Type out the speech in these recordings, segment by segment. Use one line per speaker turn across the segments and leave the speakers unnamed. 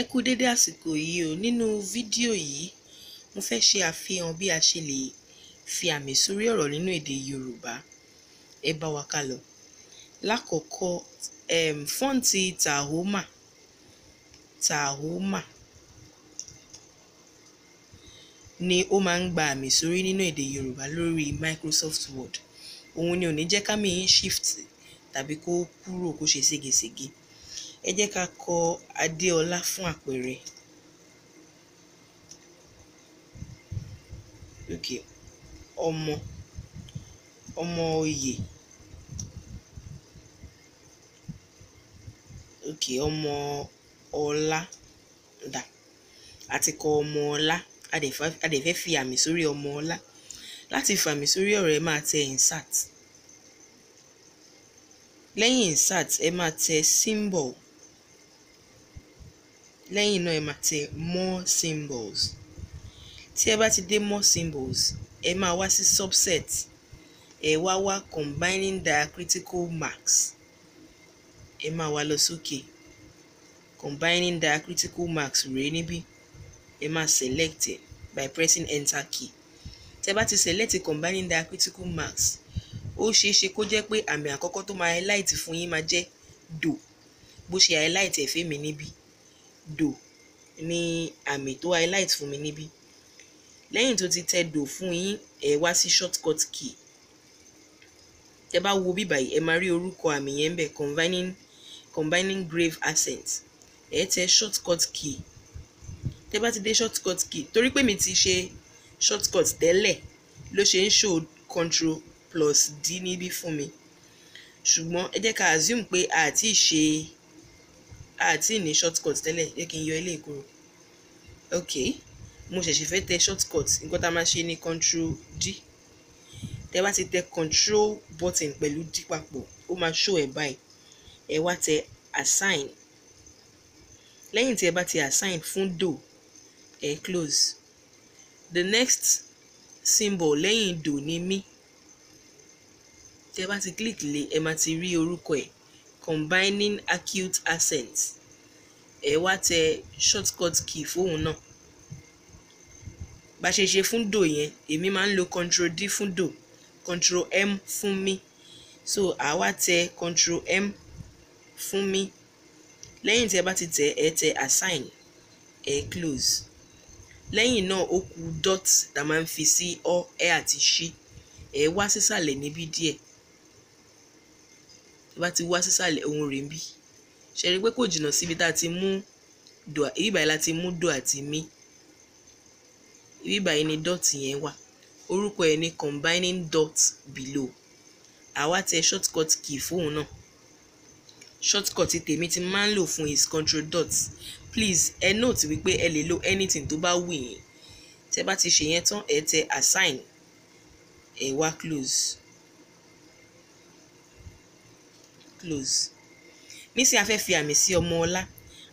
ẹ kú dédé àsìkò yìí o nínú fídíò yìí mo fẹ́ ṣe àfihàn bí a ṣe lè fi àmì sórí ọ̀rọ̀ nínú èdè Yorùbá ẹ bá wa ká lọ lákọ̀ọ́kọ́ um, fọ́ǹtì Tahoma Tahoma ni ó máa ń gba àmì sórí nínú èdè Yorùbá lórí Microsoft Word òun ni ò ní jẹ́ kámi shift tàbí kó kúrò kó ṣe ségesège. sege ẹ jẹ́ ká kọ adéọlá fún àpẹẹrẹ. okay ọmọ ọmọ oyè okay ọmọ ọlá dà àti kọ ọmọ ọlá a dẹ̀ fẹ́ fi àmì sórí ọmọ ọlá láti fàmì sórí ọ̀rọ̀ ẹ máa tẹ insert lẹ́yìn insert ẹ máa tẹ symbol lẹ́yìn náà ẹ máa tẹ more symbols tí ẹ bá ti dé more symbols ẹ máa wá sí subset ẹ wá wá combining diacritical marks ẹ máa wá lọ sókè combining diacritical marks rèé níbí ẹ máa select it by pressing enter key tẹ bá ti select combining diacritical marks ó ṣeé ṣe kó jẹ́ pé àmì àkọ́kọ́ tó máa highlight fún yín máa jẹ́ do bó ṣe highlight ẹ̀fẹ́ mi níbí dò ní àmì tó highlight fún mi níbí lẹ́yìn tó ti tẹ dò fún yín ẹ wá sí shortcut key tẹ bá wo bí báyìí ẹ máa rí orúkọ àmì yẹn ń bẹ combining combining grave accent ẹ tẹ shortcut key tẹ bá ti dé shortcut key torí pé mi ti ṣe shortcut tẹ́lẹ̀ ló ṣe ń show control plus d níbí fún mi ṣùgbọ́n ẹ jẹ́ ká assume pé a ti ṣe àti ní shortcut tẹ́lẹ̀ jẹ́ kí n yọ eléyìí kúrò ok mo ṣẹ̀ṣẹ̀ fẹ́ tẹ shortcut nǹkan tá a máa ṣe ní control d tẹ bá ti tẹ control button pẹ̀lú d papọ̀ ó máa show ẹ̀ báyìí ẹ wá tẹ assign lẹ́yìn tí ẹ bá ti assign fún do ẹ close the next symbol lẹ́yìn do ni mí tẹ bá ti click lé ẹ máa ti rí orúkọ ẹ̀ combining acute accent ẹ wá tẹ shortcut key fóun náà bá ṣe ṣe fún dò yẹn èmi máa ń lo control d fún dò control m fún mi so àwa tẹ control m fún mi lẹ́yìn tí ẹ bá ti tẹ ẹ tẹ assign ẹ close lẹ́yìn náà ó kù dot tá a máa ń fi sí ọ ẹ àti ṣí ẹ wá sísàlẹ̀ níbí díẹ̀ tí bá ti wá sísàlẹ̀ ohun rèé bí ṣe rí i pé kò jìnnà síbi tá a ti mú dò ibi báyìí la ti mú dò àti mí ibi báyìí ni dot yẹn wà orúkọ ẹ̀ ní combining dot below àwa tẹ shortcut key fóun náà shortcut tèmi ti máa ń lò fún is control dot please ẹ e note wípé ẹ lè lo anything tó bá wù yín tẹ bá ti ṣe yẹn tán ẹ tẹ assign ẹ wá close close nísìnyí a fẹ́ fi àmì sí ọmọ ọlá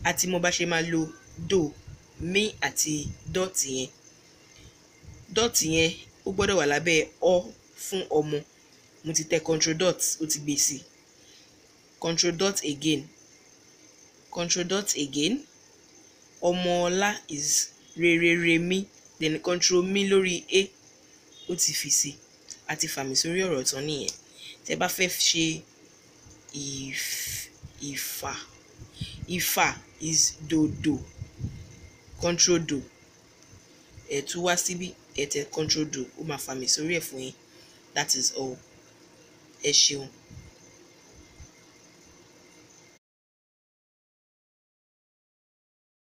àti mo bá ṣe máa lo do mi àti dọ́ọ̀tì yẹn dọ́ọ̀tì yẹn ó gbọ́dọ̀ wà lábẹ́ ọ fún ọmọ mo ti tẹ control dot ó ti gbé sí control dot again control dot again ọmọ ọlá is rerere mi then control mi lórí a ó ti fi sí àti fàmì sórí ọ̀rọ̀ tán nìyẹn tẹ bá fẹ́ ṣe if ifa ifa is dodo control do ẹ tún wá síbí ẹ tẹ control do ó máa fà mí sórí ẹ̀ fún yín that is all ẹ ṣeun.